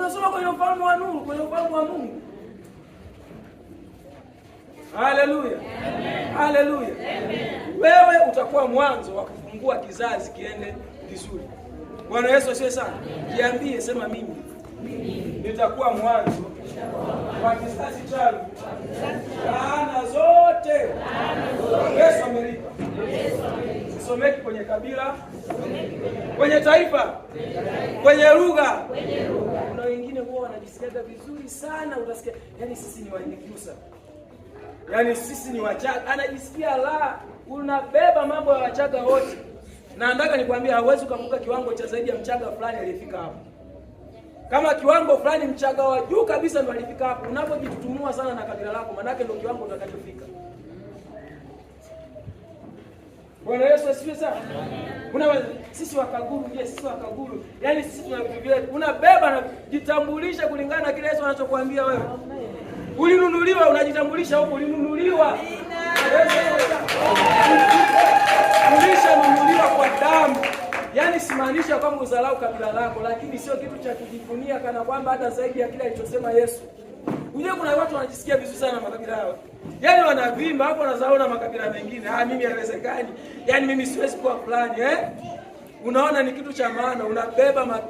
Tunasoma kwenye ufalme wa nuru, kwenye ufalme wa Mungu. Haleluya, haleluya. Wewe utakuwa mwanzo wa kufungua kizazi kiende vizuri. Bwana Yesu asiye sana. Jiambie, sema mimi nitakuwa mwanzo wa kizazi changu. Laana zote Yesu amelipa, sisomeki kwenye kabila, kwenye taifa, kwenye lugha wengine huwa wanajisikiaga vizuri sana, unasikia yani sisi ni Wanyakyusa, yani sisi ni Wachaga. Anajisikia la unabeba mambo ya Wachaga wote, na nataka nikwambie, hauwezi ukavuka kiwango cha zaidi ya Mchaga fulani aliyefika hapo. Kama kiwango fulani Mchaga wa juu kabisa ndo alifika hapo, unapojitutumua sana na kabila lako, manake ndo kiwango utakachofika. Bwana Yesu asifiwe sana una sisi wakaguru je, sisi wakaguru, yaani sisi tuna Unabeba na jitambulisha kulingana na kile Yesu anachokuambia wewe. Ulinunuliwa, unajitambulisha huko, ulinunuliwa ulishanunuliwa kwa damu. Yaani simaanisha kwamba uzalau kabila lako, lakini sio kitu cha kujivunia, kana kwamba hata zaidi ya kile alichosema Yesu Unajua kuna watu wanajisikia vizuri sana makabila yao. Yaani wanavimba hapo wanazaona makabila mengine. Ah, mimi haiwezekani. Yaani mimi siwezi kuwa fulani eh? Unaona ni kitu cha maana, unabeba